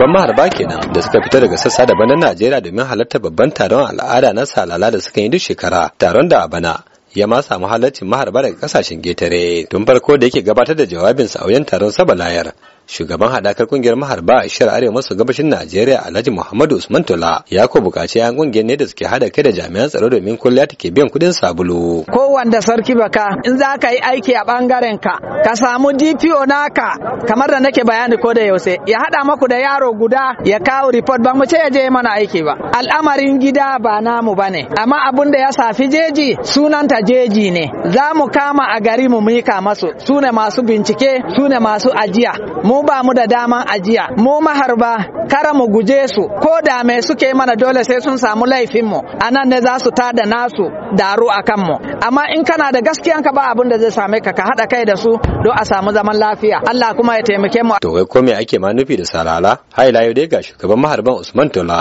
babban maharba kenan da suka fita daga sassa daban na Najeriya domin halartar babban taron al'ada na salala da suka yi duk shekara taron da a bana ya ma samu halarcin maharba daga kasashen getare tun farko da yake gabatar da jawabinsa a wajen taron saba layar shugaban hadakar kungiyar maharba a shirar arewa maso gabashin najeriya alhaji muhammadu usman tola ya ko bukaci yan kungiyar ne da suke hada kai da jami'an tsaro domin kulliya take biyan kuɗin sabulu wanda sarki baka in za ka yi aiki a bangaren ka ka samu dpo naka kamar da nake bayani ko da yaushe ya haɗa maku da yaro guda ya kawo report ba mu ce ya je mana aiki ba al'amarin gida ba namu ba ne. amma abun da ya safi jeji sunanta jeji ne za mu kama a gari mu mika masu sune masu bincike sune masu ajiya mu mu ba mu da daman ajiya mu maharba kara mu guje su ko da me suke mana dole sai sun samu laifin mu anan ne za su tada nasu daru akan mu amma in kana da gaskiyan ka ba abin da zai same ka ka hada kai da su don a samu zaman lafiya Allah kuma ya taimake mu to wai ko me ake ma nufi da salala hai layo dai ga shugaban maharban Usman Tola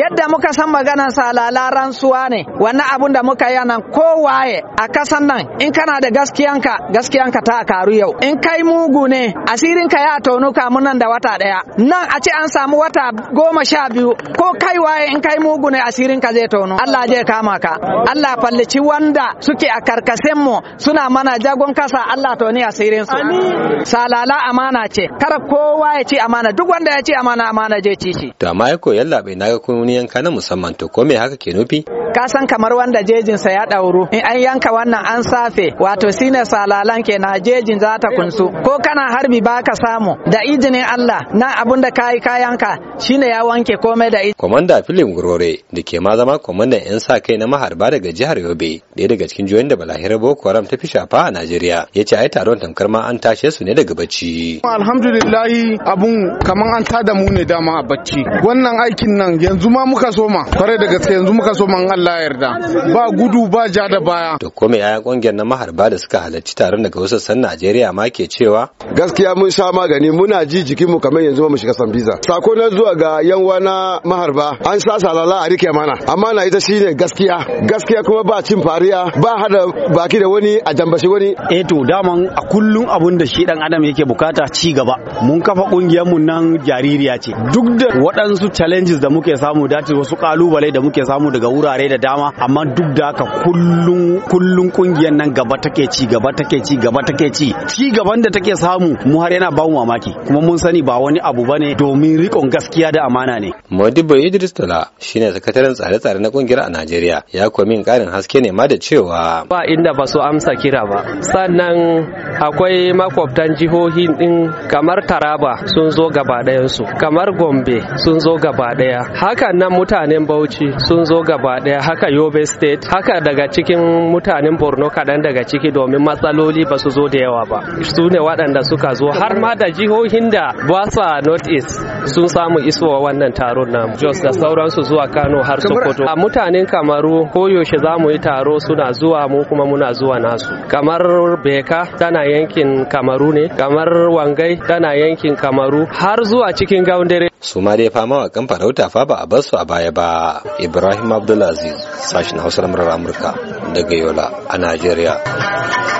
yadda muka san maganar salala rantsuwa ne wannan abun da muka yi nan ko waye a kasan nan in kana da gaskiyan ka gaskiyan ka ta karu yau in kai mugu ne asirin ka ya to taunuka munan da wata daya nan a ce an samu wata goma sha biyu ko kai waye in kai mugu ne asirin ka zai tono Allah zai kama ka Allah fallaci wanda suke a karkasin mu suna mana jagon kasa Allah toni asirin su salala amana ce kar kowa ya ci amana duk wanda ya ci amana amana je ci shi to amma ko yalla bai naga kun yanka na musamman to ko me haka ke nufi ka san kamar wanda jejin sa ya ɗauru in an yanka wannan an safe wato shine salalan kenan jejin za ta kunsu ko kana harbi baka samu da izinin Allah na abun da kayi kayanka ne ya wanke komai da izini. Komanda filin Gurore da ke ma zama komandan 'yan sa kai na maharba daga jihar Yobe ɗaya daga cikin jihohin da balahirar Boko Haram ta fi shafa a Najeriya ya ce a yi taron tamkar ma an tashe su ne daga bacci. Alhamdulillahi abun kamar an tada mu ne dama a bacci wannan aikin nan yanzu ma muka soma kwarai da gaske yanzu muka soma in Allah yarda ba gudu ba ja da baya. To ko me ƴaƴan kungiyar na maharba da suka halarci taron daga wasu sassan Najeriya ma ke cewa. Gaskiya mun sha magani gani muna ji mu kamar yanzu mu shiga sambiza sako na zuwa ga yanwa na maharba an sasa lala a rike mana amma na ita shine gaskiya gaskiya kuma ba cin fariya ba hada baki da wani a jambashi wani eh to daman a kullum abun da shi dan adam yake bukata ci gaba mun kafa kungiyar mu nan jaririya ce duk da waɗansu challenges da muke samu dace wasu kalubale da muke samu daga wurare da dama amma duk da haka kullum kullum kungiyar nan gaba take ci gaba take ci gaba take ci ci gaban da take samu mu har yana ba mu mamaki kuma mun sani ba wani abu bane domin rikon gaskiya da amana ne Modibo Idris Tola shine sakataren tsare-tsare na kungiyar a Najeriya ya kuma min karin haske ne ma da cewa ba inda ba su amsa kira ba sannan akwai makwabtan jihohi din kamar Taraba sun zo gaba ɗayan su kamar Gombe sun zo gaba ɗaya haka nan mutanen Bauchi sun zo gaba ɗaya haka Yobe State haka daga cikin mutanen Borno kaɗan daga ciki domin matsaloli ba su zo da yawa ba su ne waɗanda suka zo har ma da jihohin da ba sa east sun samu isowa wannan taron na jos da sauransu zuwa kano har sokoto a mutanen kamaru koyaushe za mu yi taro suna zuwa mu kuma muna zuwa nasu kamar beka tana yankin kamaru ne kamar wangai tana yankin kamaru har zuwa cikin gaundare su ma dai fama wa kan farauta fa ba a bar su a baya ba ibrahim abdulaziz sashen hausa na amurka daga yola a najeriya